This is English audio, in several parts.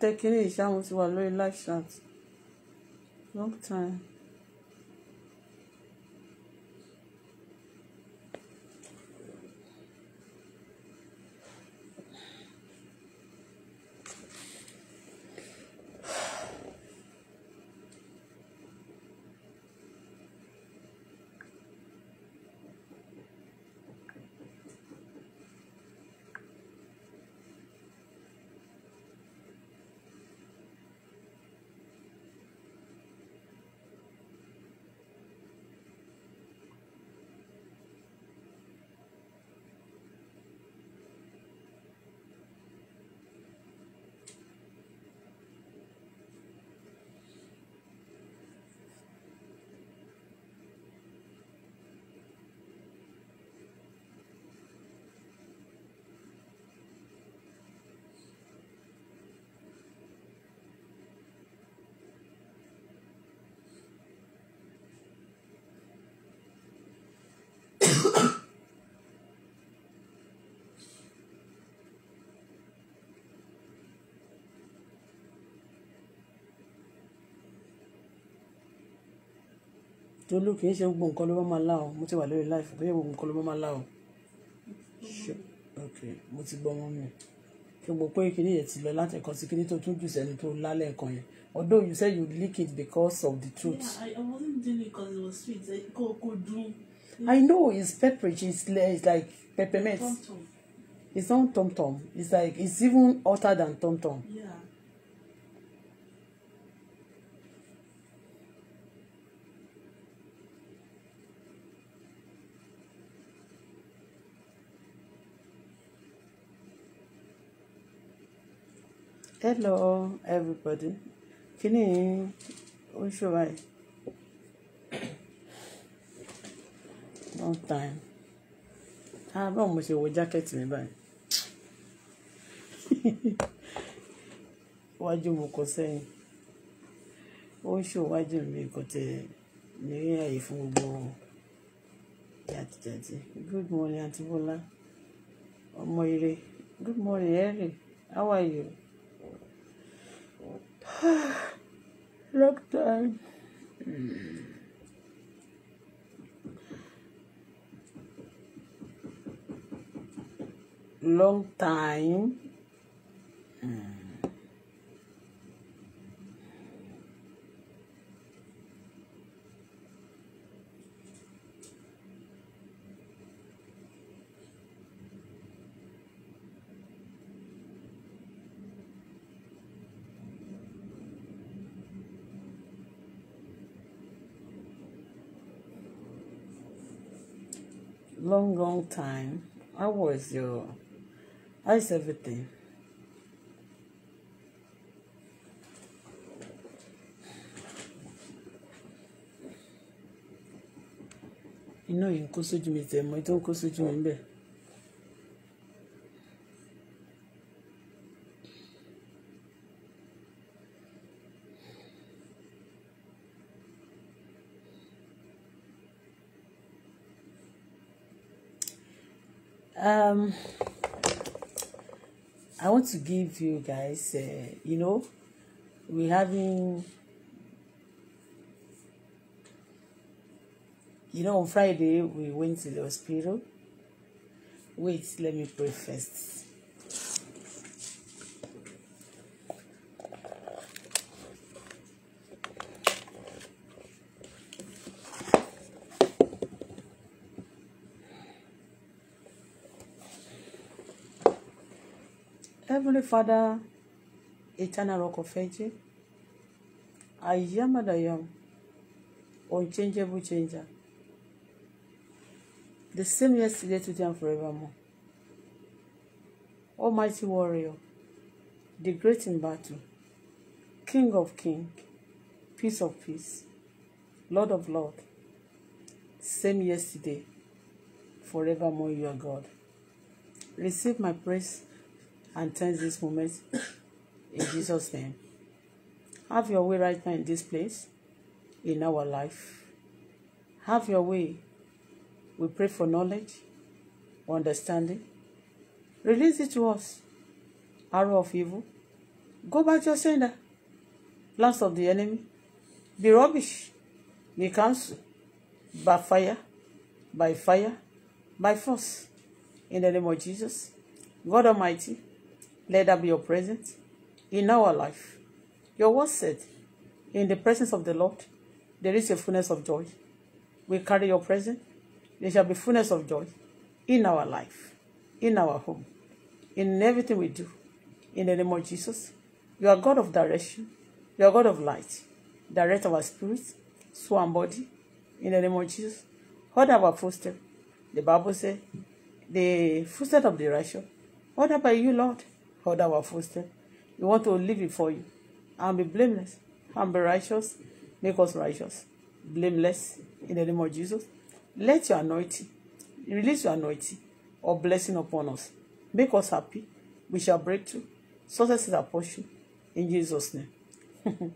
tẹ kiri ìṣàmùsí wà lórí live chat long time. Tolú kì í ṣe gbogbo nǹkan ló máa lá o mo ti wà lórí life kì í ṣe gbogbo nǹkan ló máa lá o ok mo ti gbọ́ wọn mi kí o gbọ́ pé kíní yẹn ti lọ láti ẹ̀kan sí kíní tó tún jù sẹ́ni tó lálẹ́ ẹ̀kan yẹn although you say you leak it because of the truth. Yeah, I, I wasn't doing it because it was sweet kò kò dùn. I know it's pepperidge it's, like peppermint. Tom -tom. It's not tom tom it's like it's even hotter than tom tom. Yeah. hello everybody kíní ó ṣòwò ẹ̀ long time ah báwo mo ṣe wọ jacket mi báyìí wájú mo kọ sẹ́yìn ó ṣòwájú mi kò tẹ̀ ní àyè fún gbogbo jàtìjàtì good morning Aunty Bola ọmọ ire good morning Henry how are you long time. long time. long, long time. How was your, how is everything? iná yìí ń kó sójú me tẹ̀ mọ́ ètò can't kó sójú mi bẹ́ẹ̀. um, I want to give you guys, uh, you know, we having, you know, on Friday we went to the hospital. Wait, let me pray first. Heavenly Father, eternal rock of ages, I am and I am, unchangeable changer, the same yesterday, today, and forevermore. Almighty warrior, the great in battle, King of kings, peace of peace, Lord of lords, same yesterday, forevermore you are God. Receive my praise and tense this moment in Jesus' name. Have your way right now in this place, in our life. Have your way. We pray for knowledge, understanding. Release it to us. Arrow of evil. Go back to your sender. Plans of the enemy. Be rubbish. Be cancelled. By fire. By fire. By force. In the name of Jesus. God Almighty. Let that be your presence in our life. Your word said, in the presence of the Lord, there is a fullness of joy. We carry your presence. There shall be fullness of joy in our life, in our home, in everything we do. In the name of Jesus, you are God of direction. You are God of light. Direct our spirits, soul, and body. In the name of Jesus, what our footsteps. The Bible says, the footsteps of the righteous. What about you, Lord. other will footstep. We want to live it for you and be blameless and be righteous. Make us righteous, blameless in the name of Jesus. Let your anointing, release your anointing or blessing upon us. Make us happy. We shall break through. Success is our portion. In Jesus' name.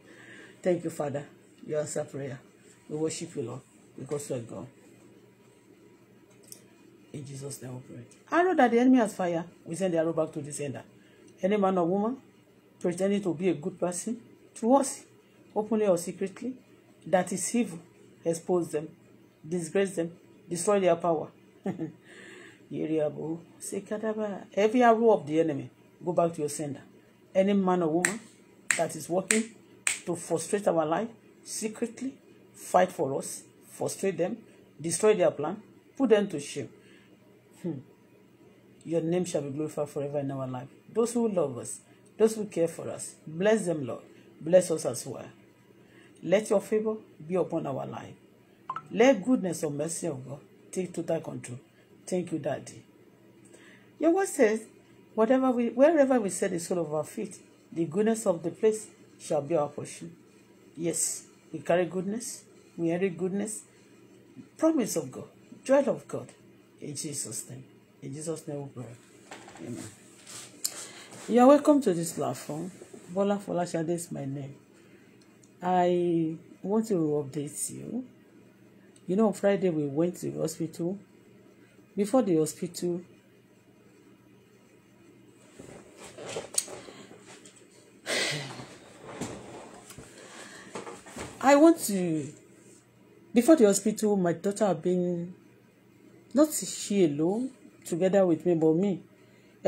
Thank you, Father. You answer prayer. We worship you, Lord, because you are God. In Jesus' name we pray. Arrow that the enemy has fired, we send the arrow back to the sender any man or woman pretending to be a good person to us, openly or secretly, that is evil, expose them, disgrace them, destroy their power. kadaba. Every arrow of the enemy, go back to your sender. Any man or woman that is working to frustrate our life secretly, fight for us, frustrate them, destroy their plan, put them to shame. Hmm. Your name shall be glorified forever in our life those who love us, those who care for us. Bless them, Lord. Bless us as well. Let your favor be upon our life. Let goodness and mercy of God take total control. Thank you, Daddy. Your word says, whatever we, wherever we set the sole of our feet, the goodness of the place shall be our portion. Yes, we carry goodness, we carry goodness, promise of God, joy of God. In Jesus' name. In Jesus' name we pray. Amen. You are welcome to this platform. Bola Folashade is my name. I want to update you. You know, on Friday we went to the hospital. Before the hospital, I want to. Before the hospital, my daughter had been not she alone, together with me, but me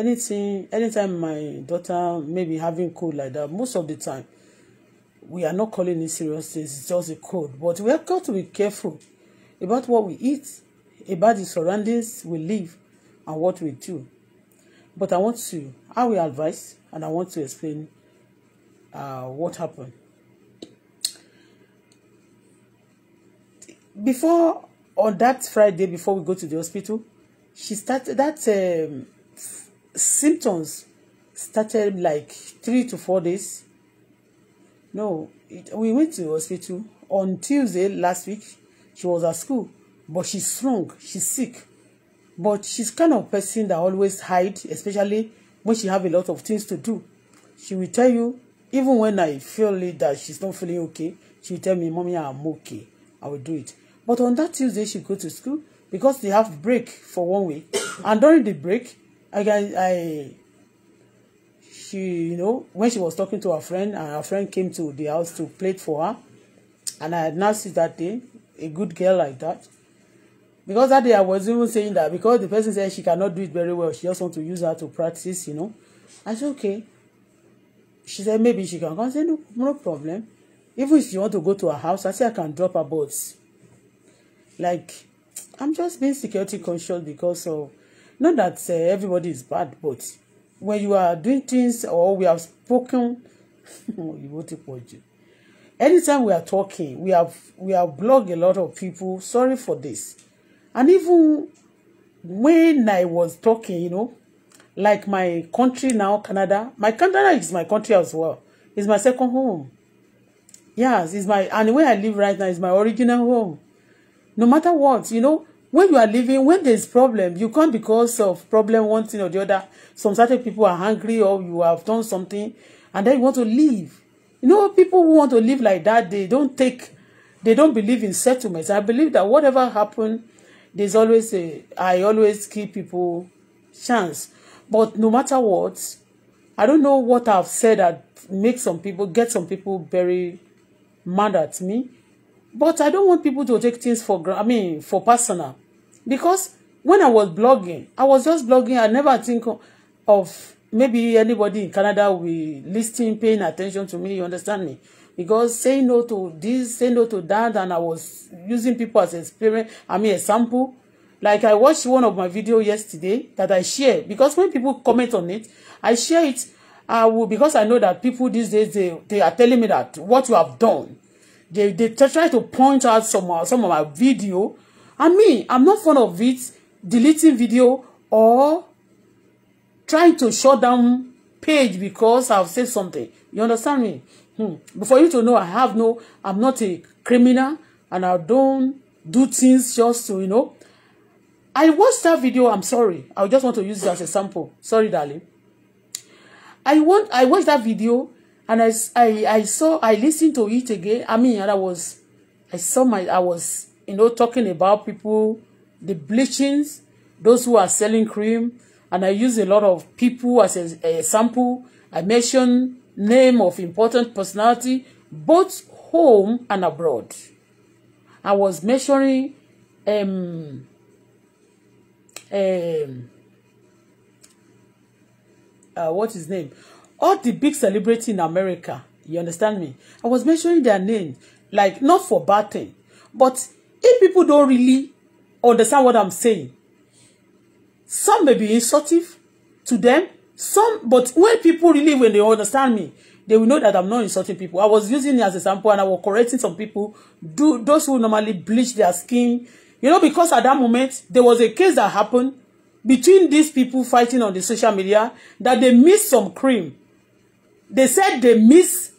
anything anytime my daughter maybe having cold like that most of the time we are not calling it serious things it's just a cold but we have got to be careful about what we eat about the surroundings we live and what we do but I want to I will advise and I want to explain uh, what happened before on that Friday before we go to the hospital she started that um, symptoms started like three to four days. No, it, we went to hospital on Tuesday last week. She was at school, but she's strong, she's sick. But she's kind of person that always hide, especially when she have a lot of things to do. She will tell you, even when I feel it that she's not feeling okay, she will tell me, Mommy, I'm okay. I will do it. But on that Tuesday, she go to school because they have break for one week. and during the break, I can I she you know when she was talking to her friend and her friend came to the house to plate for her and I had not seen that thing a good girl like that because that day I was even saying that because the person said she cannot do it very well she just want to use her to practice you know I said okay she said maybe she can come I said no no problem even if she want to go to her house I said I can drop her but like I'm just being security conscious because of Not that uh, everybody is bad, but when you are doing things or we have spoken, oh, anytime we are talking, we have we have blogged a lot of people. Sorry for this. And even when I was talking, you know, like my country now, Canada, my Canada is my country as well. It's my second home. Yes, it's my and where I live right now is my original home. No matter what, you know, when you are living, when there's problem, you come because of problem one thing or the other. Some certain people are hungry or you have done something and then you want to leave. You know, people who want to live like that, they don't take, they don't believe in settlements. I believe that whatever happened, there's always a, I always give people chance. But no matter what, I don't know what I've said that makes some people, get some people very mad at me. But I don't want people to take things for I mean, for personal. because when I was blogging, I was just blogging. I never think of maybe anybody in Canada will listening, paying attention to me. You understand me? Because saying no to this, saying no to that, and I was using people as experience. I mean, example. Like I watched one of my video yesterday that I share because when people comment on it, I share it. I will because I know that people these days they, they are telling me that what you have done. They they try to point out some some of my video I mean, I'm not fond of it, deleting video or trying to shut down page because I've said something. You understand me? Hmm. But for you to know, I have no, I'm not a criminal and I don't do things just to, you know. I watched that video, I'm sorry. I just want to use it as a sample. Sorry, darling. I want I watched that video and I, I, I saw I listened to it again. I mean, and I was I saw my I was you know, talking about people, the bleachings, those who are selling cream, and I use a lot of people as a, a sample. I mention name of important personality, both home and abroad. I was measuring um, um, uh, what his name? All the big celebrity in America. You understand me? I was mentioning their name, like not for bad thing, but If people don't really understand what I'm saying, some may be insultive to them, some, but when people really, when they understand me, they will know that I'm not insulting people. I was using it as a sample and I was correcting some people, do those who normally bleach their skin. You know, because at that moment, there was a case that happened between these people fighting on the social media that they missed some cream. They said they missed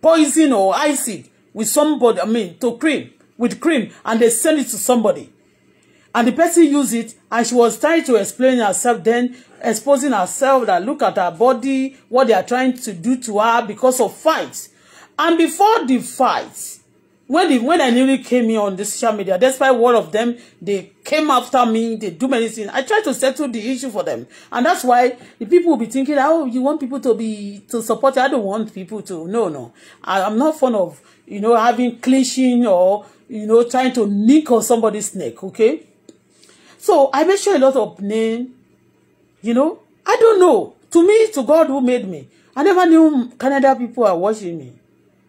poison or acid with somebody, I mean, to cream with cream and they send it to somebody. And the person used it and she was trying to explain herself then, exposing herself that look at her body, what they are trying to do to her because of fights. And before the fight, when the when I nearly came here on the social media, despite one of them, they came after me, they do many things. I tried to settle the issue for them. And that's why the people will be thinking, oh, you want people to be to support you. I don't want people to. No, no. I, I'm not fond of you know, having clinching or, you know, trying to nick on somebody's neck, okay? So I make sure a lot of name, you know, I don't know. To me, to God who made me, I never knew Canada people are watching me.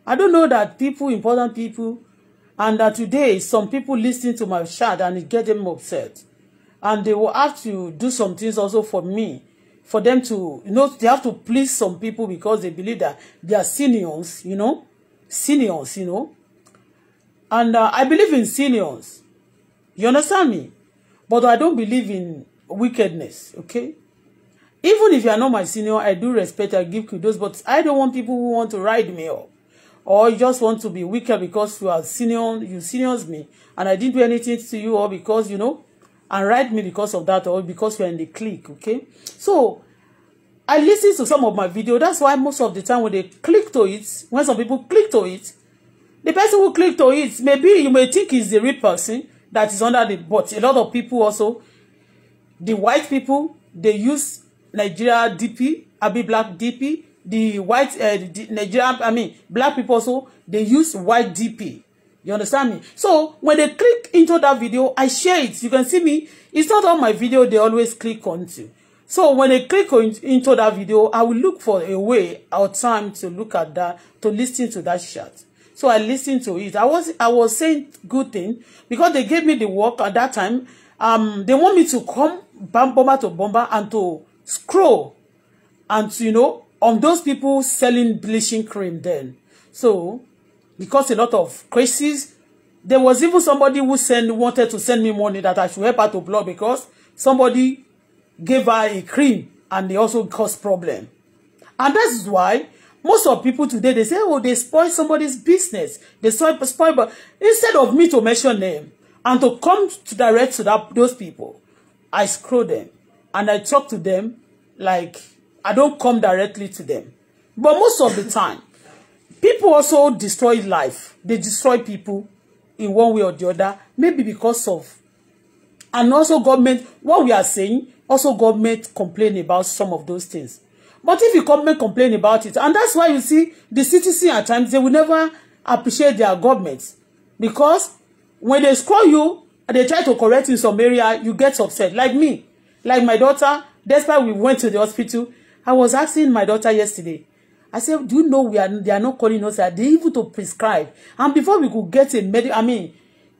I don't know that people, important people, and that today some people listen to my chat and it get them upset. And they will have to do some things also for me for them to you know they have to please some people because they believe that they are seniors you know seniors, you know. And uh, I believe in seniors. You understand me? But I don't believe in wickedness, okay? Even if you are not my senior, I do respect, I give kudos, but I don't want people who want to ride me up or just want to be wicked because you are senior, you seniors me, and I didn't do anything to you, or because, you know, and ride me because of that, or because you are in the clique, okay? So, I listen to some of my video. That's why most of the time when they click to it, when some people click to it, the person who click to it, maybe you may think is the real person that is under the, but a lot of people also, the white people, they use Nigeria DP, Abi Black DP, the white, uh, the I mean, black people also, they use white DP. You understand me? So when they click into that video, I share it. You can see me. It's not all my video they always click onto. So when I click on, into that video, I will look for a way or time to look at that, to listen to that chat. So I listened to it. I was I was saying good thing because they gave me the work at that time. Um, they want me to come bam, bomber to bomber and to scroll and you know on those people selling bleaching cream then. So because a lot of crises, there was even somebody who send wanted to send me money that I should help her to block because somebody gave her a cream and they also caused problem. And that is why most of people today, they say, oh, they spoil somebody's business. They spoil, spoil but instead of me to mention them and to come to direct to that, those people, I scroll them and I talk to them like I don't come directly to them. But most of the time, people also destroy life. They destroy people in one way or the other, maybe because of, and also government, what we are saying, Also, government complain about some of those things. But if the government complain about it, and that's why you see the citizen at times, they will never appreciate their governments. Because when they scroll you, and they try to correct in some area, you get upset. Like me, like my daughter, despite we went to the hospital, I was asking my daughter yesterday, I said, do you know we are, they are not calling us, they even to prescribe. And before we could get a med, I mean,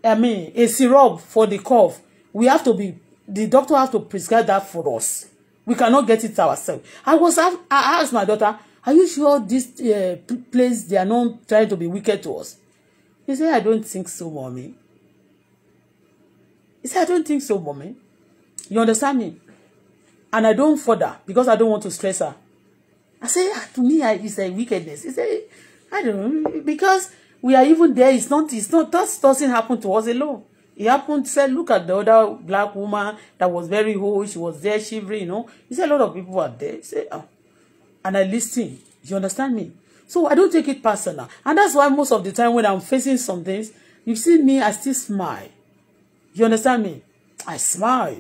I mean, a syrup for the cough, we have to be the doctor has to prescribe that for us we cannot get it ourselves i was i asked my daughter are you sure this uh, place they are not trying to be wicked to us he said i don't think so mommy he said i don't think so mommy you understand me and i don't further because i don't want to stress her i say ah, to me I, it's a wickedness he say i don't know because we are even there it's not it's not that doesn't happen to us alone He happened said, look at the other black woman that was very old. She was there shivering, you know. He said a lot of people were there. He said, oh. And I listen. You understand me? So I don't take it personal. And that's why most of the time when I'm facing some things, you see me, I still smile. You understand me? I smile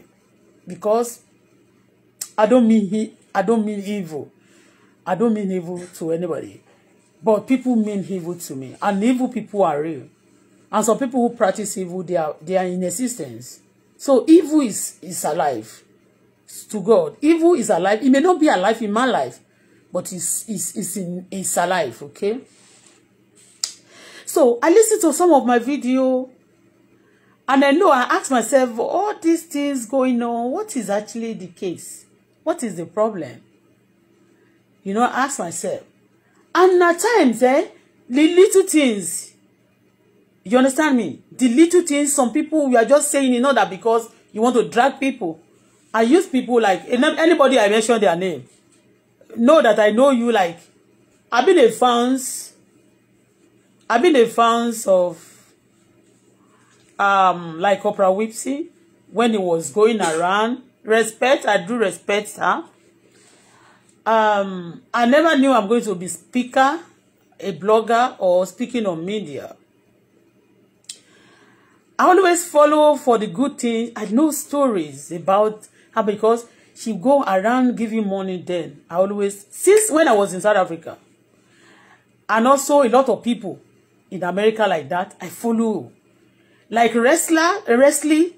because I don't mean he. I don't mean evil. I don't mean evil to anybody. But people mean evil to me. And evil people are real and some people who practice evil they are they are in existence so evil is is alive to God evil is alive it may not be alive in my life but it's it's it's in it's alive okay so I listened to some of my video and I know I asked myself all these things going on what is actually the case what is the problem you know I asked myself and at times eh the little things You understand me? The little things, some people, you are just saying it, not that because you want to drag people. I use people like, anybody I mention their name, know that I know you like, I've been a fans, I've been a fans of, um, like Oprah Winfrey when it was going around. Respect, I do respect her. Um, I never knew I'm going to be speaker, a blogger, or speaking on media. I always follow for the good things. I know stories about her because she go around giving money then. I always, since when I was in South Africa, and also a lot of people in America like that, I follow. Like wrestler, wrestling,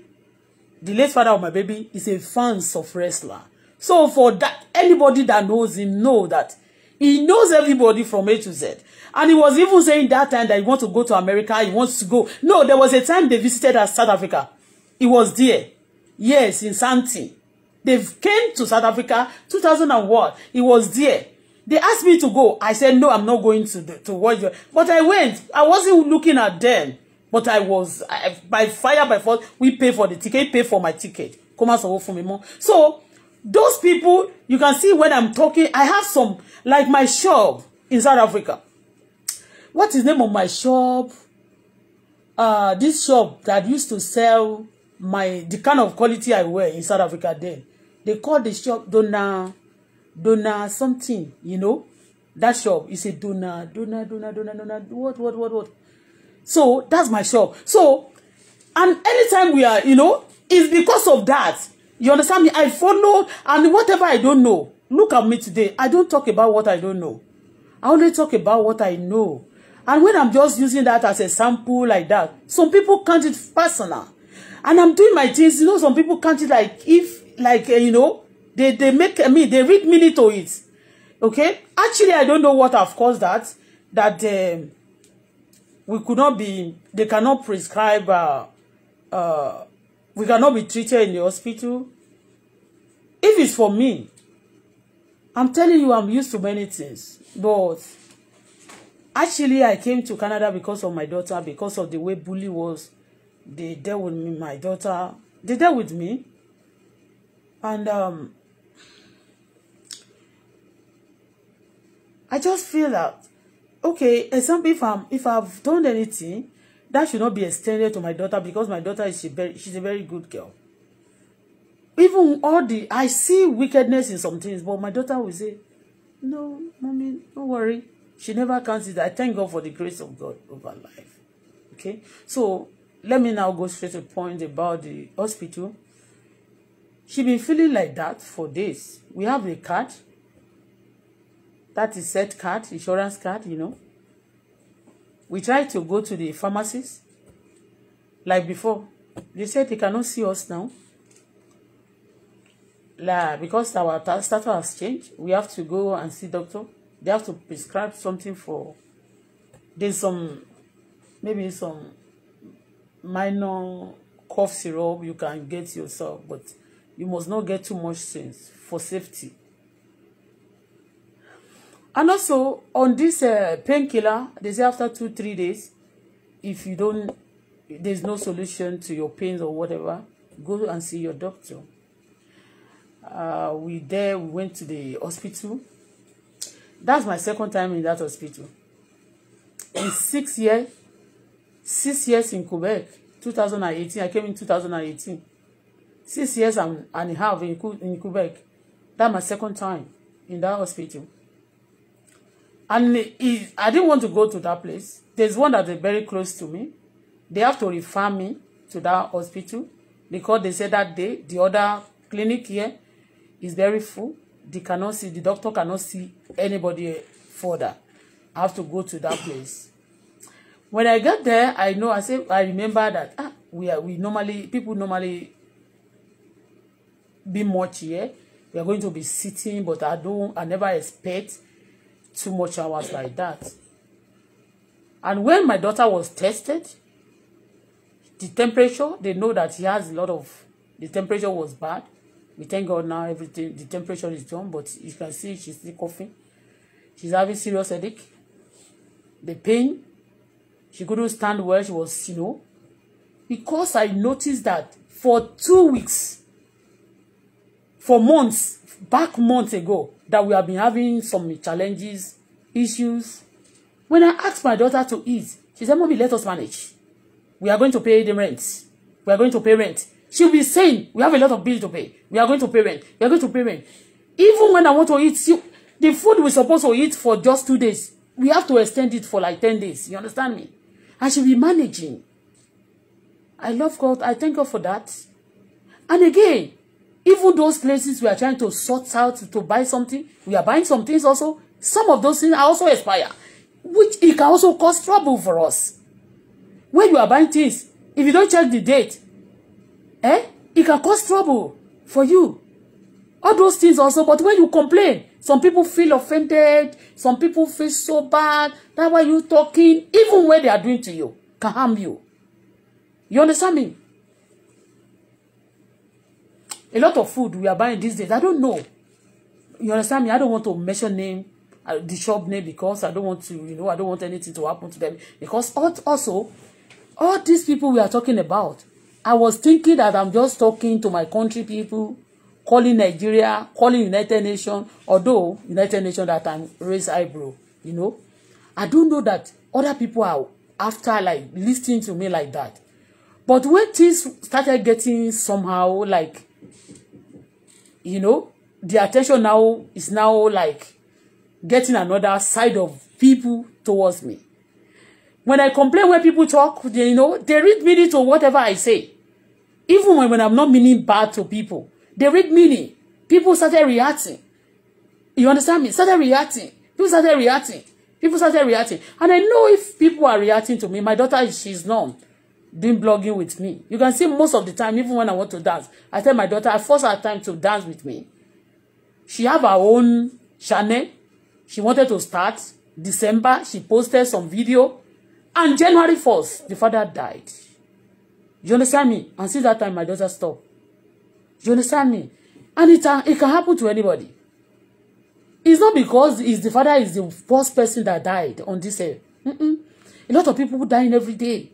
the late father of my baby is a fans of wrestler. So for that, anybody that knows him know that He knows everybody from A to Z. And he was even saying that time that he wants to go to America, he wants to go. No, there was a time they visited us, South Africa. He was there. Yes, in Santi. They came to South Africa, 2001. He was there. They asked me to go. I said, no, I'm not going to, to watch you. But I went. I wasn't looking at them. But I was, I, by fire, by force, we pay for the ticket, pay for my ticket. Come on, so for me more. So, those people, you can see when I'm talking, I have some, like my shop in South Africa. What is name of my shop? Uh, this shop that used to sell my, the kind of quality I wear in South Africa then. They call the shop Dona, Dona something, you know? That shop is a Dona Dona Dona Dona Dona. what, what, what, what? So that's my shop. So, and anytime we are, you know, it's because of that You understand me? I follow, and whatever I don't know, look at me today. I don't talk about what I don't know. I only talk about what I know. And when I'm just using that as a sample like that, some people count it personal. And I'm doing my things, you know, some people count it like if, like, uh, you know, they, they make I me, mean, they read meaning to it. Okay? Actually, I don't know what have caused that, that uh, we could not be, they cannot prescribe uh, uh, we cannot be treated in the hospital if it's for me i'm telling you i'm used to many things but actually i came to Canada because of my daughter because of the way bully was they dealt with me my daughter they dealt with me and um i just feel that okay example if i'm if i've done anything that should not be extended to my daughter because my daughter is a very she's a very good girl even all the I see wickedness in some things but my daughter will say no mommy don't worry she never counts it I thank God for the grace of God over life okay so let me now go straight to point about the hospital she been feeling like that for days we have a card that is set card insurance card you know we try to go to the pharmacies like before they said they cannot see us now like because our status has changed we have to go and see doctor they have to prescribe something for There's some maybe some minor cough syrup you can get yourself but you must not get too much things for safety And also on this uh, painkiller, they say after two, three days, if you don't, there's no solution to your pains or whatever, go and see your doctor. Uh, we there, we went to the hospital. That's my second time in that hospital. In six years, six years in Quebec, 2018. I came in 2018. Six years and, and a half in, in Quebec. That's my second time in that hospital. And is, I didn't want to go to that place. There's one that is very close to me. They have to refer me to that hospital because they said that day the other clinic here is very full. They cannot see, the doctor cannot see anybody further. I have to go to that place. When I got there, I know, I say, I remember that ah, we are, we normally, people normally be much here. We are going to be sitting, but I don't, I never expect too much hours like that. And when my daughter was tested, the temperature, they know that he has a lot of, the temperature was bad. We thank God now everything, the temperature is down, but you can see she's still coughing. She's having serious headache. The pain, she couldn't stand where she was, you know. Because I noticed that for two weeks, for months, back months ago, that we have been having some challenges, issues. When I asked my daughter to eat, she said, Mommy, let us manage. We are going to pay the rent. We are going to pay rent. She'll be saying, we have a lot of bills to pay. We are going to pay rent. We are going to pay rent. Even when I want to eat, she, the food we supposed to eat for just two days, we have to extend it for like ten days. You understand me? And she'll be managing. I love God. I thank God for that. And again, Even those places we are trying to sort out to buy something, we are buying some things also. Some of those things are also expire, which it can also cause trouble for us. When you are buying things, if you don't check the date, eh, it can cause trouble for you. All those things also, but when you complain, some people feel offended, some people feel so bad, that's why you talking, even when they are doing to you, can harm you. You understand me? a lot of food we are buying these days i don't know you understand me i don't want to mention name uh, the shop name because i don't want to you know i don't want anything to happen to them because also all these people we are talking about i was thinking that i'm just talking to my country people calling nigeria calling united Nation. although united Nation that time raise eyebrow you know i don't know that other people are after like listening to me like that but when things started getting somehow like you know the attention now is now like getting another side of people towards me when I complain when people talk they, you know they read meaning to whatever I say even when, when I'm not meaning bad to people they read meaning people started reacting you understand me started reacting people started reacting people started reacting and I know if people are reacting to me my daughter she's numb Doing blogging with me. You can see most of the time, even when I want to dance, I tell my daughter, I force her time to dance with me. She have her own channel. She wanted to start. December, she posted some video. And January 1st, the father died. You understand me? And since that time, my daughter stopped. You understand me? And it, uh, it can happen to anybody. It's not because it's the father is the first person that died on this earth. Mm-mm. A lot of people dying every day.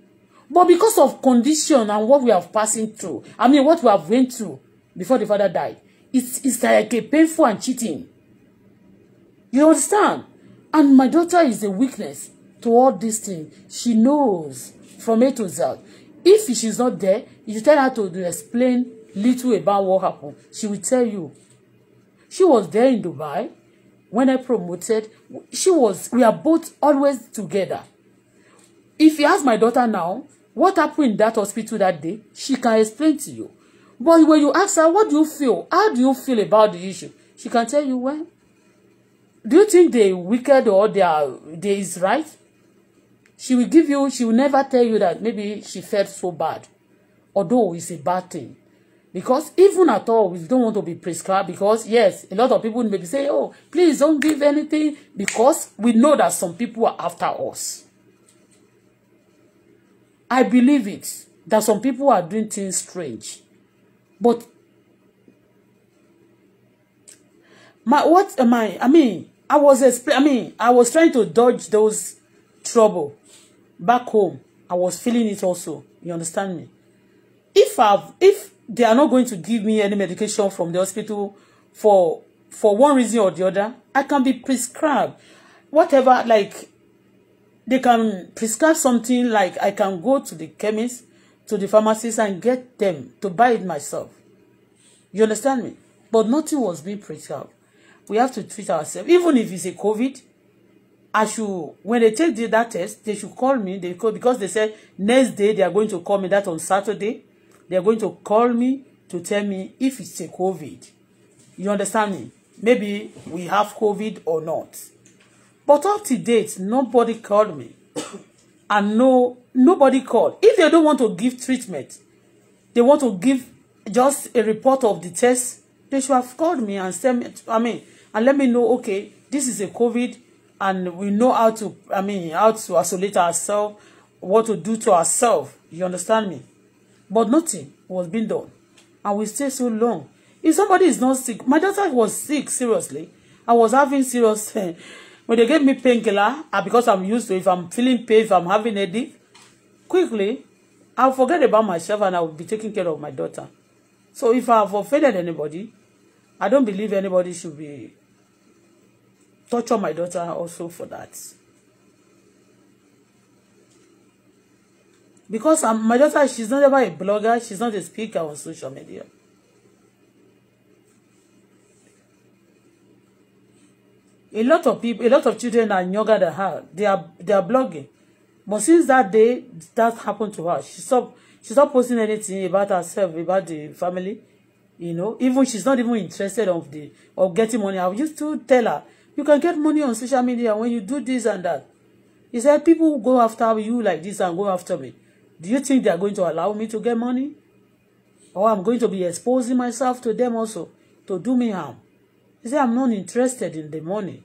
But because of condition and what we have passing through, I mean what we have went through before the father died, it's, it's like a painful and cheating. You understand? And my daughter is a weakness to all these things. She knows from A to Z. If she's not there, you tell her to explain little about what happened. She will tell you. She was there in Dubai when I promoted. She was, we are both always together. If you ask my daughter now, what happened in that hospital that day she can explain to you but when you ask her what do you feel how do you feel about the issue she can tell you well do you think they wicked or they are they is right she will give you she will never tell you that maybe she felt so bad although it's a bad thing because even at all we don't want to be prescribed because yes a lot of people maybe say oh please don't give anything because we know that some people are after us I believe it that some people are doing things strange. But my what am I? I mean, I was explain. I mean, I was trying to dodge those trouble back home. I was feeling it also. You understand me? If I've if they are not going to give me any medication from the hospital for for one reason or the other, I can be prescribed whatever like they can prescribe something like I can go to the chemist, to the pharmacist and get them to buy it myself. You understand me? But nothing was being prescribed. We have to treat ourselves. Even if it's a COVID, I should, when they take the, that test, they should call me. They call, because they said next day they are going to call me that on Saturday. They are going to call me to tell me if it's a COVID. You understand me? Maybe we have COVID or not. But up to date, nobody called me. and no, nobody called. If they don't want to give treatment, they want to give just a report of the test, they should have called me and sent me, I mean, and let me know, okay, this is a COVID and we know how to, I mean, how to isolate ourselves, what to do to ourselves. You understand me? But nothing was being done. And we stayed so long. If somebody is not sick, my daughter was sick, seriously. I was having serious When they give me painkiller, ah, because I'm used to if I'm feeling pain, if I'm having a dip, quickly, I'll forget about myself and I'll be taking care of my daughter. So if I've offended anybody, I don't believe anybody should be torture my daughter also for that. Because um, my daughter, she's not ever a blogger, she's not a speaker on social media. a lot of people a lot of children are younger than her they are they are blogging but since that day that happened to her she stop she's not posting anything about herself about the family you know even she's not even interested of the of getting money I used to tell her you can get money on social media when you do this and that he said people go after you like this and go after me do you think they are going to allow me to get money or I'm going to be exposing myself to them also to do me harm He said, I'm not interested in the money.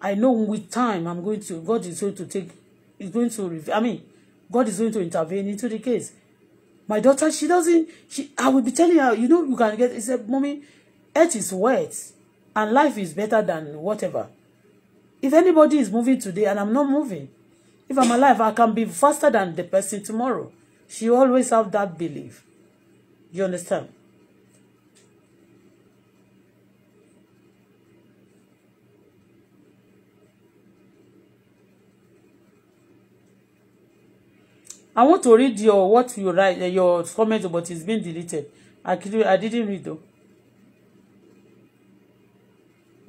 I know with time I'm going to, God is going to take, is going to, I mean, God is going to intervene into the case. My daughter, she doesn't, she, I will be telling her, you know, you can get, he said, mommy, earth is wet and life is better than whatever. If anybody is moving today and I'm not moving, if I'm alive, I can be faster than the person tomorrow. She always have that belief. You understand? I want to read your what you write eh, your comment but it's been deleted. I I didn't read though.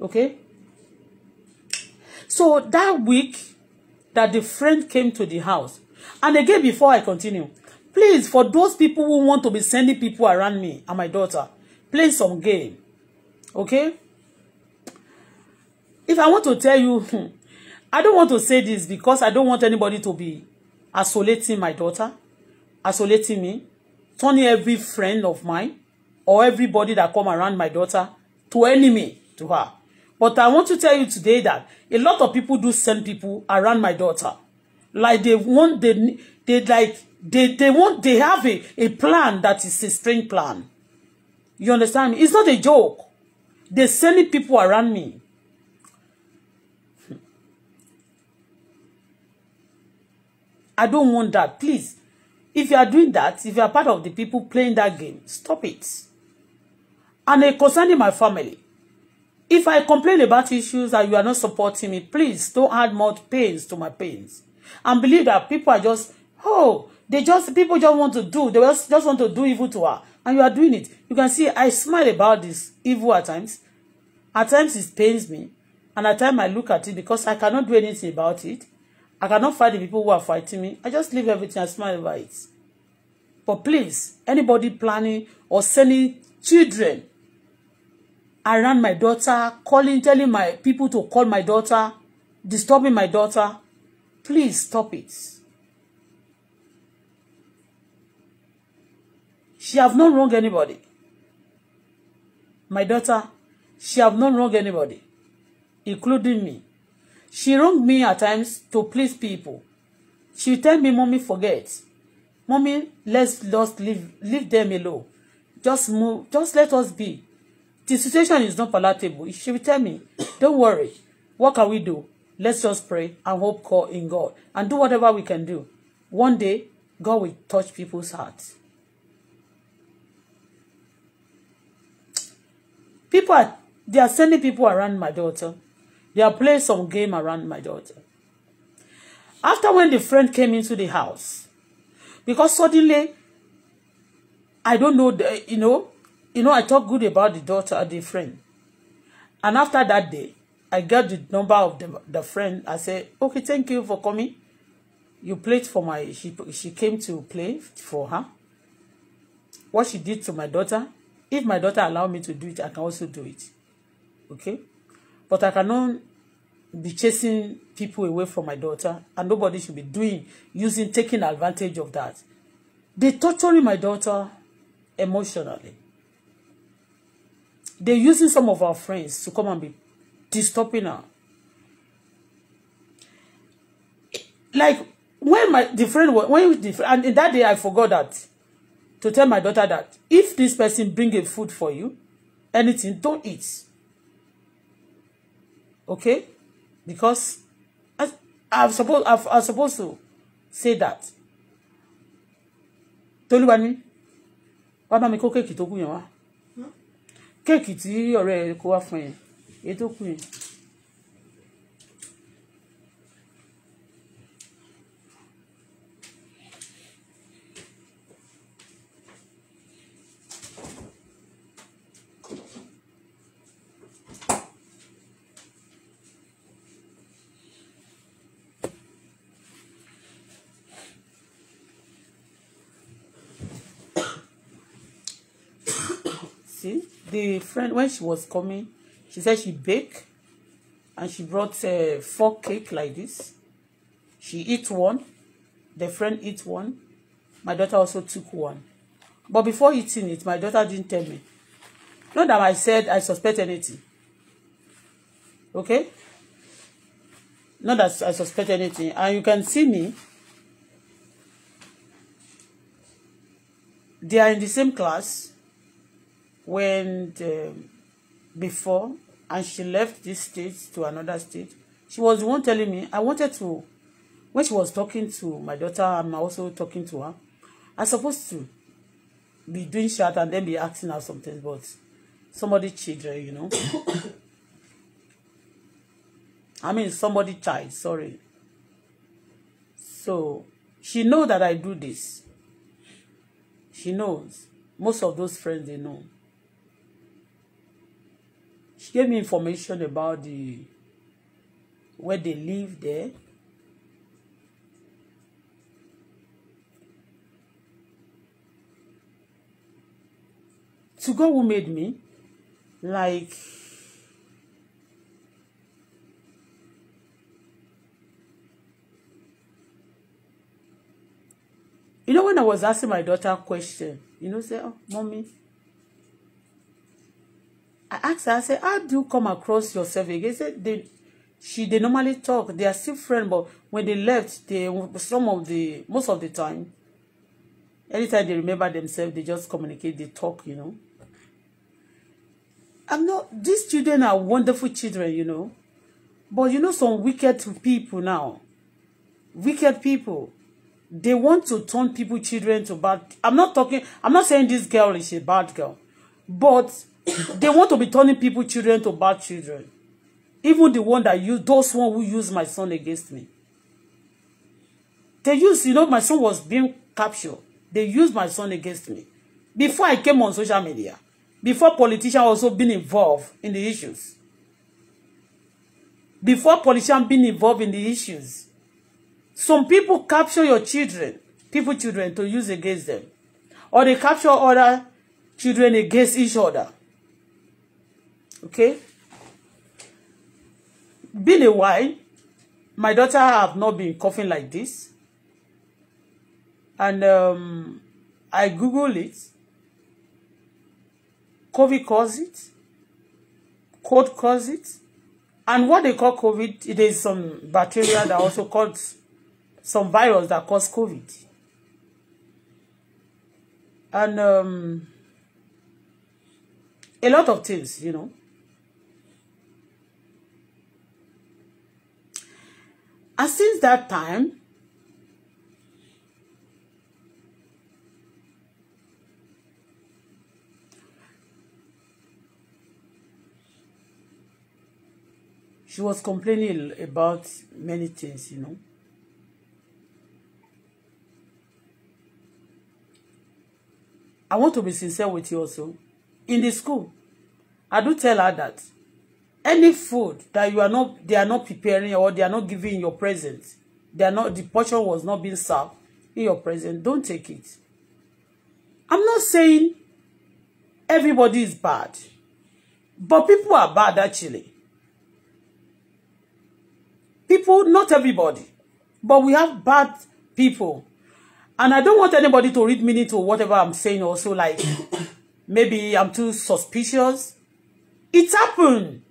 Okay. So that week that the friend came to the house, and again before I continue, please for those people who want to be sending people around me and my daughter, play some game. Okay. If I want to tell you, hmm, I don't want to say this because I don't want anybody to be isolating my daughter isolating me turning every friend of mine or everybody that come around my daughter to enemy to her but I want to tell you today that a lot of people do send people around my daughter like they want they they like they they want they have a a plan that is a strange plan you understand me it's not a joke they sending people around me I don't want that. Please, if you are doing that, if you are part of the people playing that game, stop it. And uh, concerning my family, if I complain about issues and you are not supporting me, please don't add more pains to my pains. And believe that people are just, oh, they just, people just want to do, they just, just want to do evil to her. And you are doing it. You can see I smile about this evil at times. At times it pains me. And at times I look at it because I cannot do anything about it. I cannot fight the people who are fighting me. I just leave everything and smile about it. But please, anybody planning or sending children around my daughter, calling, telling my people to call my daughter, disturbing my daughter, please stop it. She have not wronged anybody. My daughter, she have not wronged anybody, including me. She wronged me at times to please people. She tell me, Mommy, forget. Mommy, let's just leave, leave them alone. Just move, just let us be. The situation is not palatable. She will tell me, don't worry. What can we do? Let's just pray and hope call in God and do whatever we can do. One day, God will touch people's hearts. People are, they are sending people around my daughter They are playing some game around my daughter. After when the friend came into the house, because suddenly, I don't know, the, you know, you know, I talk good about the daughter, the friend. And after that day, I got the number of the, the friend. I said, okay, thank you for coming. You played for my, she, she came to play for her. What she did to my daughter, if my daughter allow me to do it, I can also do it. Okay? But I cannot be chasing people away from my daughter, and nobody should be doing, using, taking advantage of that. They torturing my daughter emotionally. They're using some of our friends to come and be disturbing her. Like when my the friend was when the and in that day I forgot that to tell my daughter that if this person bring a food for you, anything, don't eat okay because i I suppose I I suppose to say that tolúwa ni wàá bá mi kó kéèkì tó kù yẹn wá hmm? kéèkì tí ọ̀rẹ́ kó wá fún yẹn èyí tó kù yẹn. see the friend when she was coming she said she bake and she brought uh, four cake like this she eat one the friend eat one my daughter also took one but before eating it my daughter didn't tell me not that I said I suspect anything okay not that I suspect anything and you can see me they are in the same class when the, before and she left this state to another state she was the one telling me i wanted to when she was talking to my daughter i'm also talking to her i supposed to be doing shout and then be asking her something but somebody children you know i mean somebody child sorry so she know that i do this she knows most of those friends they know She gave me information about the where they live there. To God who made me, like You know, when I was asking my daughter a question, you know, say, oh, mommy, I asked her, I said, how do you come across yourself again? She said, they, she, they normally talk. They are still friends, but when they left, they, some of the, most of the time, anytime they remember themselves, they just communicate, they talk, you know. I'm not, these children are wonderful children, you know. But you know some wicked people now, wicked people, they want to turn people, children to bad. I'm not talking, I'm not saying this girl is a bad girl, but they want to be turning people children to bad children even the one that use those one who use my son against me they use you know my son was being captured they use my son against me before I came on social media before politicians also been involved in the issues before politicians been involved in the issues some people capture your children people children to use against them or they capture other children against each other Okay? Been a while. My daughter have not been coughing like this. And um, I Google it. COVID cause it. Cold cause it. And what they call COVID, it is some bacteria that also cause some virus that cause COVID. And um, a lot of things, you know. And since that time, she was complaining about many things, you know. I want to be sincere with you also. In the school, I do tell her that any food that you are not they are not preparing or they are not giving your present, they are not the portion was not being served in your present. don't take it i'm not saying everybody is bad but people are bad actually people not everybody but we have bad people and i don't want anybody to read me into whatever i'm saying also like maybe i'm too suspicious it happened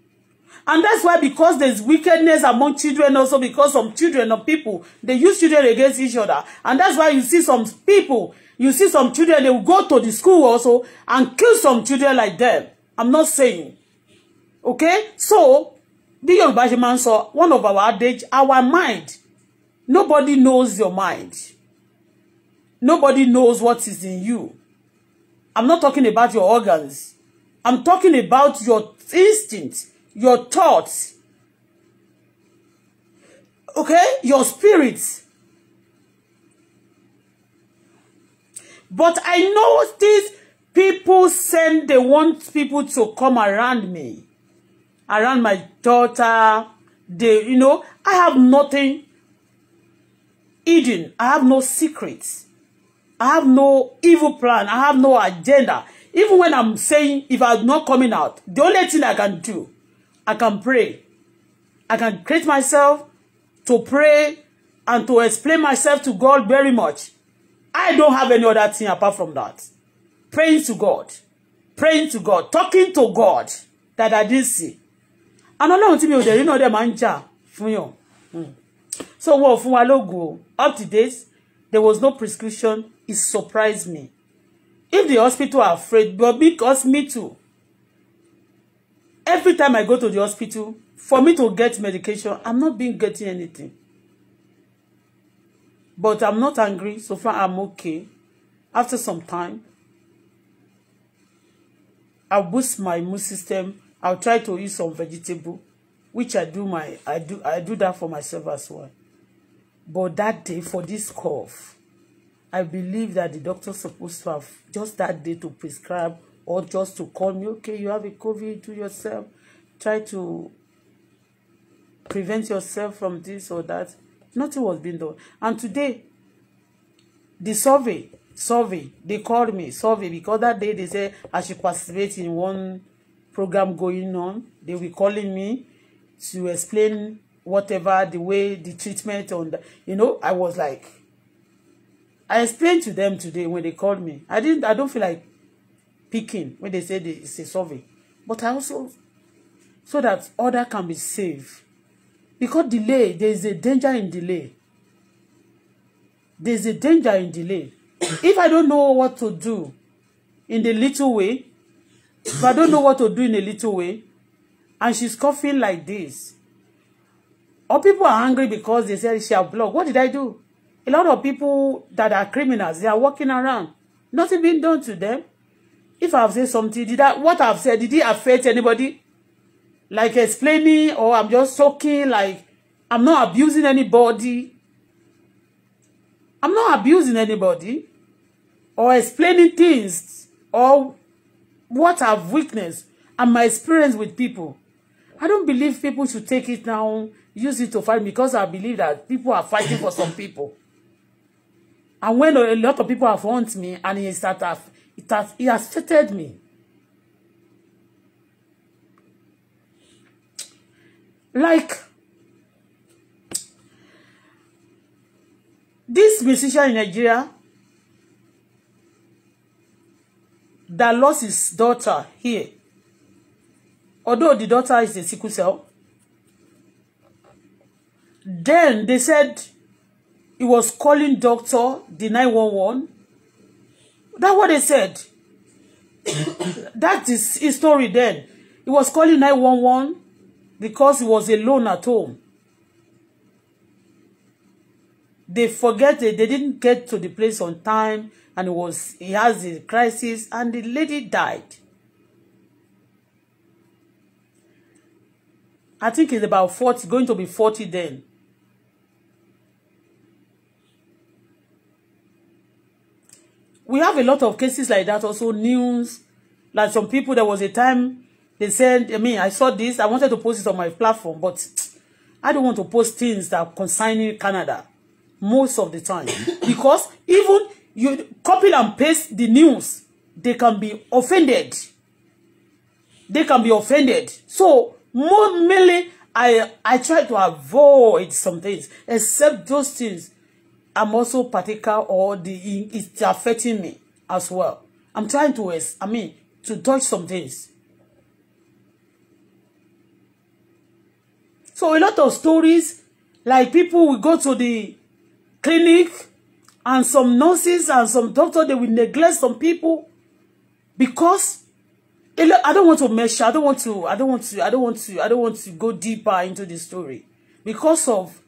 And that's why because there's wickedness among children also because some children or people, they use children against each other. And that's why you see some people, you see some children, they will go to the school also and kill some children like them. I'm not saying. Okay? So, bí Yorùbá ṣe máa one of our adage, our mind, nobody knows your mind. Nobody knows what is in you. I'm not talking about your organs. I'm talking about your instinct your thoughts, okay, your spirit. But I know these people send, they want people to come around me, around my daughter. They, you know, I have nothing hidden. I have no secrets. I have no evil plan. I have no agenda. Even when I'm saying, if I'm not coming out, the only thing I can do I can pray. I can create myself to pray and to explain myself to God very much. I don't have any other thing apart from that. Praying to God. Praying to God. Talking to God that I didn't see. And Ọlọ́run tí mi ò dẹ̀ rí náà dẹ̀ máa ń hmm. So wọ́n fún a lóògùn o. Up to date, there was no prescription. It surprised me. If the hospital are afraid, but because me too every time I go to the hospital, for me to get medication, I'm not being getting anything. But I'm not angry. So far, I'm okay. After some time, I boost my immune system. I'll try to eat some vegetable, which I do my I do I do that for myself as well. But that day for this cough, I believe that the doctor supposed to have just that day to prescribe or just to call me, okay, you have a COVID, do yourself, try to prevent yourself from this or that. Nothing was being done. And today, the survey, survey, they called me, survey, because that day they said I should participate in one program going on. They were calling me to explain whatever the way the treatment on the, you know, I was like, I explained to them today when they called me. I didn't, I don't feel like picking when they say they, it's a survey. But I also, so that order can be saved. Because delay, there is a danger in delay. There is a danger in delay. If I don't know what to do in the little way, if I don't know what to do in a little way, and she's coughing like this, or people are angry because they say she have blocked. What did I do? A lot of people that are criminals, they are walking around. Nothing being done to them if I've said something, did that what I've said, did it affect anybody? Like explaining or I'm just talking, like I'm not abusing anybody. I'm not abusing anybody or explaining things or what I've witnessed and my experience with people. I don't believe people should take it now, use it to fight because I believe that people are fighting for some people. And when a lot of people have want me and it start It has, it has fated me. Like, this musician in Nigeria that lost his daughter here, although the daughter is a sickle cell, then they said he was calling doctor, the 911, That's what they said. That is his story then. He was calling 911 because he was alone at home. They forget that they didn't get to the place on time and it was he has a crisis and the lady died. I think it's about 40, going to be 40 then. have a lot of cases like that also news like some people there was a time they said I mean I saw this I wanted to post it on my platform but I don't want to post things that are concerning Canada most of the time because even you copy and paste the news they can be offended they can be offended so more mainly I I try to avoid some things except those things I'm also particular or the it's affecting me as well. I'm trying to, I mean, to touch some things. So a lot of stories, like people will go to the clinic and some nurses and some doctors, they will neglect some people because I don't want to measure. I don't want to. I don't want to. I don't want to. I don't want to go deeper into the story because of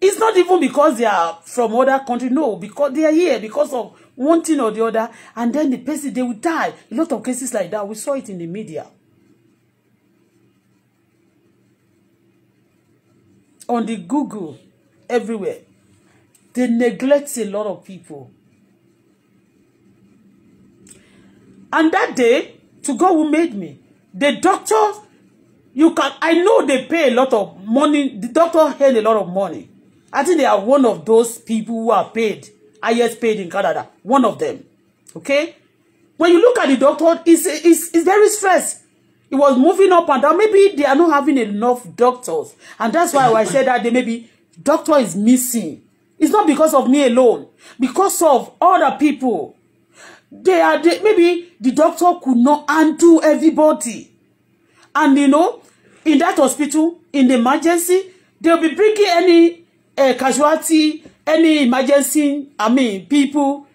It's not even because they are from other country. No, because they are here because of one thing or the other. And then the person, they will die. A lot of cases like that. We saw it in the media. On the Google, everywhere. They neglect a lot of people. And that day, to God who made me, the doctor, you can, I know they pay a lot of money. The doctor had a lot of money. I think they are one of those people who are paid, highest paid in Canada. One of them. Okay? When you look at the doctor, it's, it's, it's very stressed. It was moving up and down. Maybe they are not having enough doctors. And that's why I said that they maybe doctor is missing. It's not because of me alone. Because of other people. They are they, maybe the doctor could not handle everybody. And you know, in that hospital, in the emergency, they'll be bringing any uh, casualty, any emergency, I mean, people,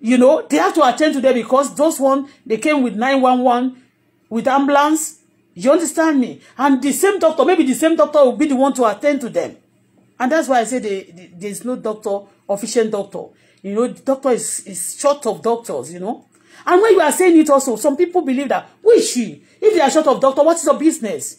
you know, they have to attend to them because those one, they came with 911, with ambulance. You understand me? And the same doctor, maybe the same doctor will be the one to attend to them. And that's why I say they, they, there's no doctor, official doctor. You know, the doctor is, is short of doctors, you know. And when you are saying it also, some people believe that, who she? If they are short of doctor, what is her business?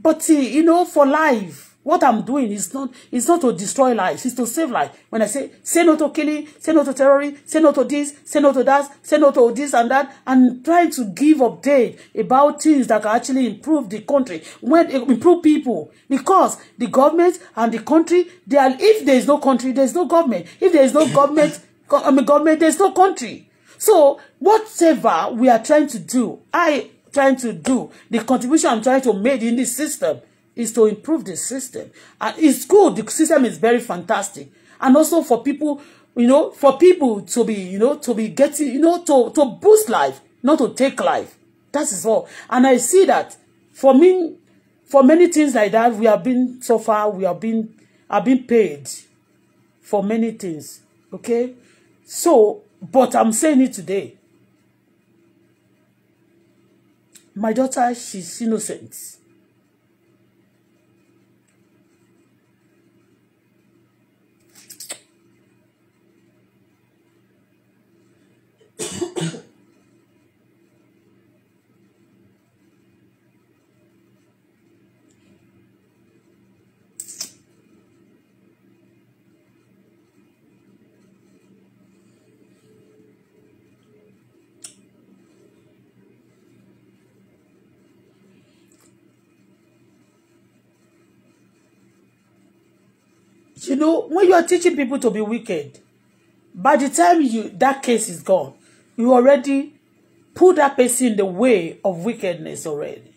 But, uh, you know, for life, What I'm doing is not is not to destroy lives, it's to save life. When I say say no to killing, say no to terrorism, say no to this, say no to that, say no to this and that, and try to give update about things that can actually improve the country, when improve people. Because the government and the country, they are if there is no country, there is no government. If there is no government, I mean government, there is no country. So whatever we are trying to do, I trying to do, the contribution I'm trying to make in this system is to improve the system. Uh, it's good. The system is very fantastic. And also for people, you know, for people to be, you know, to be getting, you know, to, to boost life, not to take life. That is all. And I see that for me, for many things like that, we have been, so far, we have been, have been paid for many things. Okay? So, but I'm saying it today. My daughter, she's innocent. You know, when you are teaching people to be wicked, by the time you that case is gone, You already put that person in the way of wickedness already.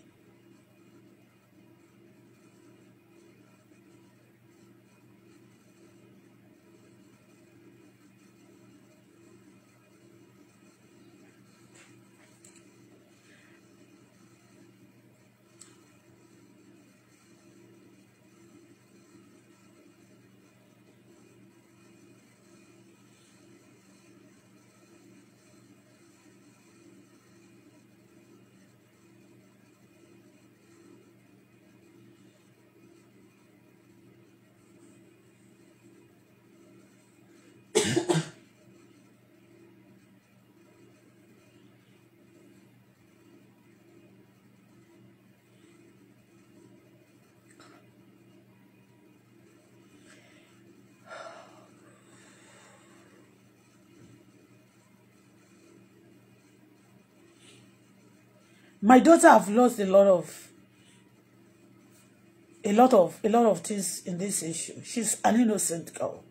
my daughter have lost a lot of a lot of a lot of things in this issue she's an innocent girl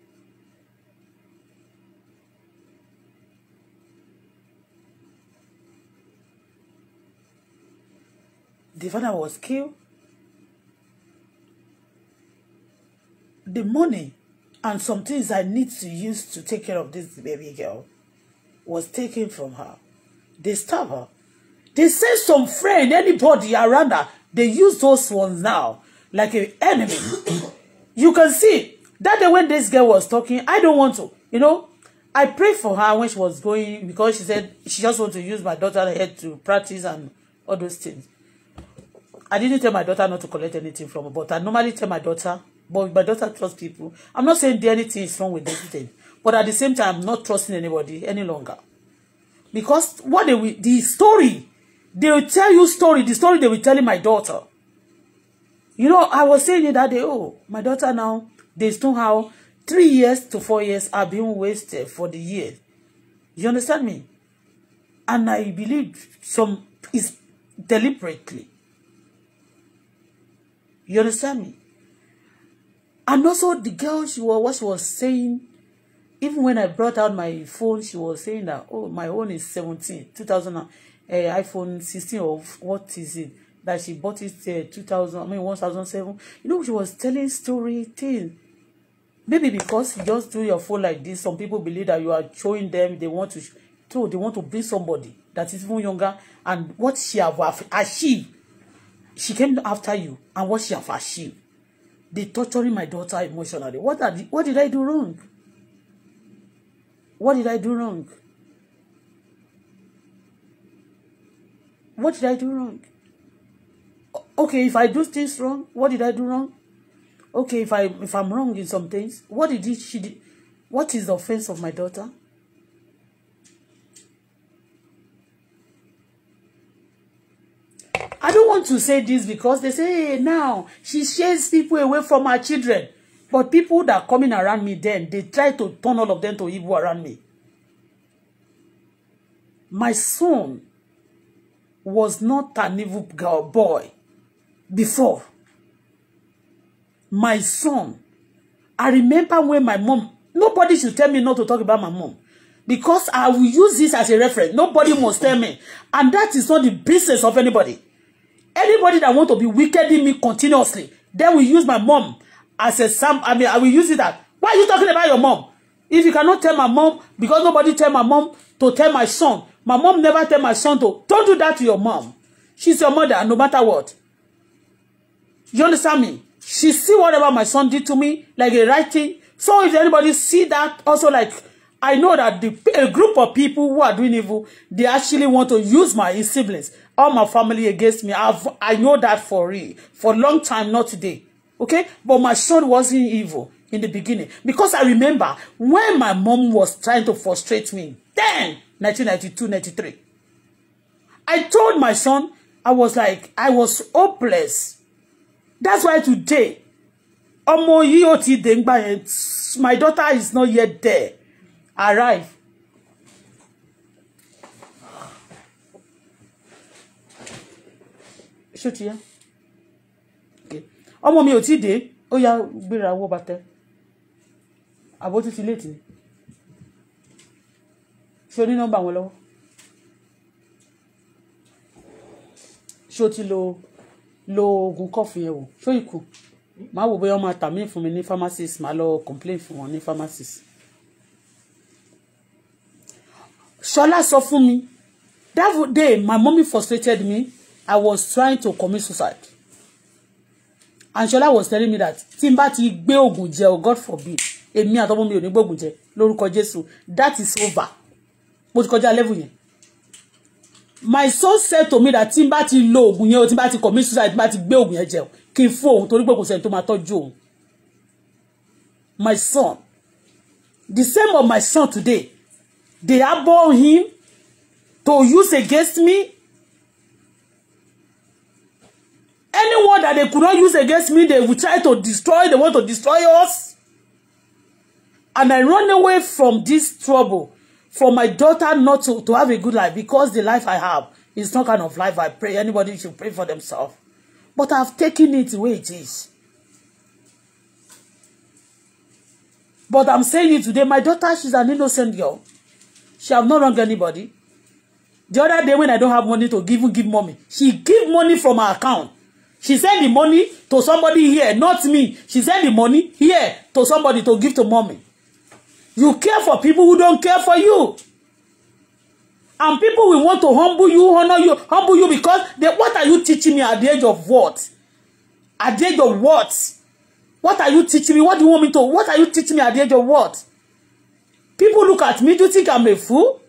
the father was killed the money and some things I need to use to take care of this baby girl was taken from her they stabbed her They say some friend, anybody around her, they use those ones now like an enemy. you can see that day when this girl was talking, I don't want to, you know. I prayed for her when she was going because she said she just want to use my daughter's head to practice and all those things. I didn't tell my daughter not to collect anything from her, but I normally tell my daughter, but my daughter trusts people. I'm not saying there anything is wrong with anything, but at the same time, I'm not trusting anybody any longer. Because what they the story They will tell you story, the story they will telling my daughter. You know, I was saying it that day, oh, my daughter now, they somehow, three years to four years are being wasted for the year. You understand me? And I believe some is deliberately. You understand me? And also the girl, she was, what she was saying, even when I brought out my phone, she was saying that, oh, my own is 17, 2000 uh, iPhone 16 of what is it that she bought it uh, eh, 2000 I mean 1007 you know she was telling story thing maybe because you just do your phone like this some people believe that you are showing them they want to so they want to bring somebody that is even younger and what she have achieved she came after you and what she have achieved they torturing my daughter emotionally what are the, what did I do wrong what did I do wrong What did I do wrong? Okay, if I do things wrong, what did I do wrong? Okay, if I if I'm wrong in some things, what did she did? What is the offense of my daughter? I don't want to say this because they say, hey, now she shares people away from her children. But people that are coming around me then, they try to turn all of them to evil around me. My son was not an evil girl boy before. My son, I remember when my mom, nobody should tell me not to talk about my mom because I will use this as a reference. Nobody must tell me. And that is not the business of anybody. Anybody that want to be wicked in me continuously, they will use my mom as a sam. I mean, I will use it That why are you talking about your mom? If you cannot tell my mom, because nobody tell my mom to tell my son, My mom never tell my son to, don't do that to your mom. She's your mother, no matter what. You understand me? She see whatever my son did to me, like a right thing. So if anybody see that, also like, I know that the, a group of people who are doing evil, they actually want to use my siblings, all my family against me. I've, I know that for real, for a long time, not today. Okay? But my son wasn't evil in the beginning. Because I remember when my mom was trying to frustrate me, then 1992, 93. I told my son, I was like, I was hopeless. That's why today, ọmọ yìí ó ti dé my daughter is not yet there. Arrive. Ṣó here. Okay. Ọmọ mi ò tí dé, ó yá gbéra wọ bàtẹ́. Àbótí ti léètì ni ṣé o ní nọ́mbà wọn lọ́wọ́ ṣé o ti lo lo oògùn kọ́ọ̀fù yẹn wò ṣó ìkù máa wò bóyá wọ́n máa fún mi ní pharmacist máa lọ complain fún wọn ní pharmacist. Ṣọlá sọ fún mi that day my mommy frustrated me I was trying to commit suicide and Ṣọlá was telling me that tí n bá ti gbé oògùn jẹ o oh God forbid èmi àtọ́mọ́ mi ò ní gbóògùn jẹ lórúkọ Jésù that is over mo ti kọjá level yẹn my son said to me that tí n bá ti lo oògùn yẹn o tí n bá ti commit suicide tí n bá ti gbé oògùn yẹn jẹ kí n fún òun torí pé kò sẹ́ni tó máa tọ́jú òun my son the same of my son today they abhor him to use against me anyone that they could not use against me they will try to destroy they want to destroy us and I run away from this trouble for my daughter not to, to have a good life because the life I have is not kind of life I pray anybody should pray for themselves. But I've taken it the way it is. But I'm saying it today. My daughter, she's an innocent girl. She have not wronged anybody. The other day when I don't have money to give, give money, she give money from her account. She send the money to somebody here, not me. She send the money here to somebody to give to mommy. You care for people who don't care for you. And people will want to humble you, honor you, humble you because they, what are you teaching me at the age of what? At the age of what? What are you teaching me? What do you want me to? What are you teaching me at the age of what? People look at me. Do you think I'm a fool?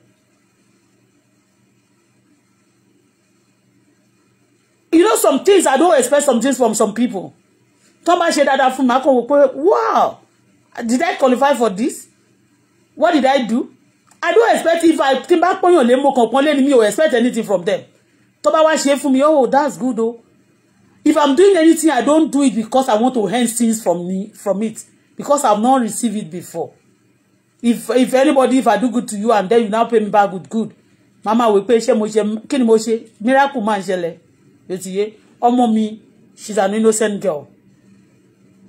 You know some things, I don't expect some things from some people. Tó bá ṣe dáadáa fún mi, màá wow, did I qualify for this? what did I do I don't expect if I tí back on your name, mo complain pọ́n lé ni expect anything from them tó bá wá for me. oh that's good o oh. if I'm doing anything I don't do it because I want to hand things from me from it because I've not received it before if if anybody if I do good to you and then you now pay me back with good mama wí pay share mo ṣe kí miracle máa ń ṣẹlẹ̀ etiye ọmọ mi she's an innocent girl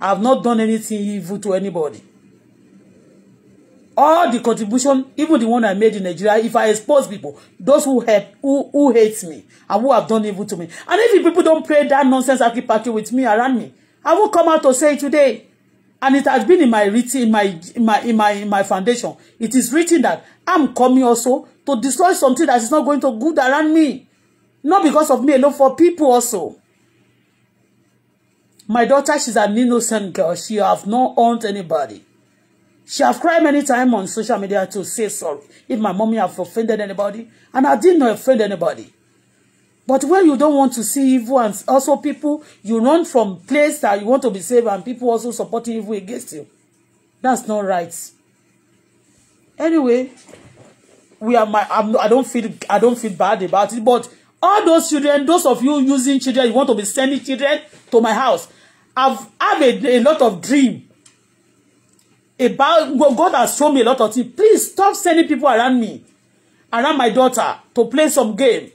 I've not done anything evil to anybody all the contribution even the one i made in nigeria if i expose people those who help who who hate me and who have done evil to me and if people don pray that nonsense aki paki with me around me i will come out to say today and it has been in my written in my in my in my in my foundation it is written that i'm coming also to destroy something that is not going to good around me not because of me alone for people also my daughter she's an innocent girl she have not harmed anybody She have cried many times on social media to say sorry if my mommy have offended anybody. And I didn't offend anybody. But when you don't want to see evil and also people, you run from place that you want to be saved and people also supporting evil against you. That's not right. Anyway, we are my I'm, I don't feel I don't feel bad about it, but all those children, those of you using children, you want to be sending children to my house. I've had a, a lot of dream about God has shown me a lot of things. Please stop sending people around me, around my daughter, to play some game.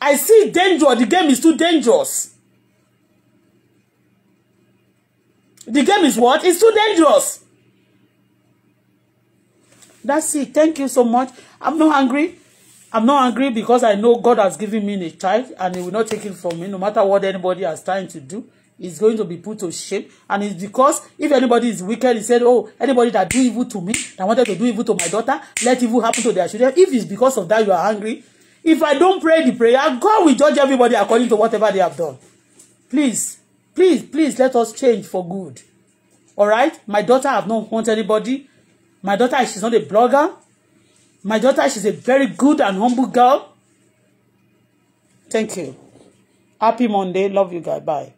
I see danger. The game is too dangerous. The game is what? It's too dangerous. That's it. Thank you so much. I'm not angry. I'm not angry because I know God has given me a child and he will not take it from me no matter what anybody is trying to do is going to be put to shame and it's because if anybody is wicked he said oh anybody that do evil to me that wanted to do evil to my daughter let evil happen to their children if it's because of that you are angry if I don't pray the prayer God will judge everybody according to whatever they have done please please please let us change for good all right my daughter have not want anybody my daughter she's not a blogger my daughter she's a very good and humble girl thank you happy Monday love you guys bye.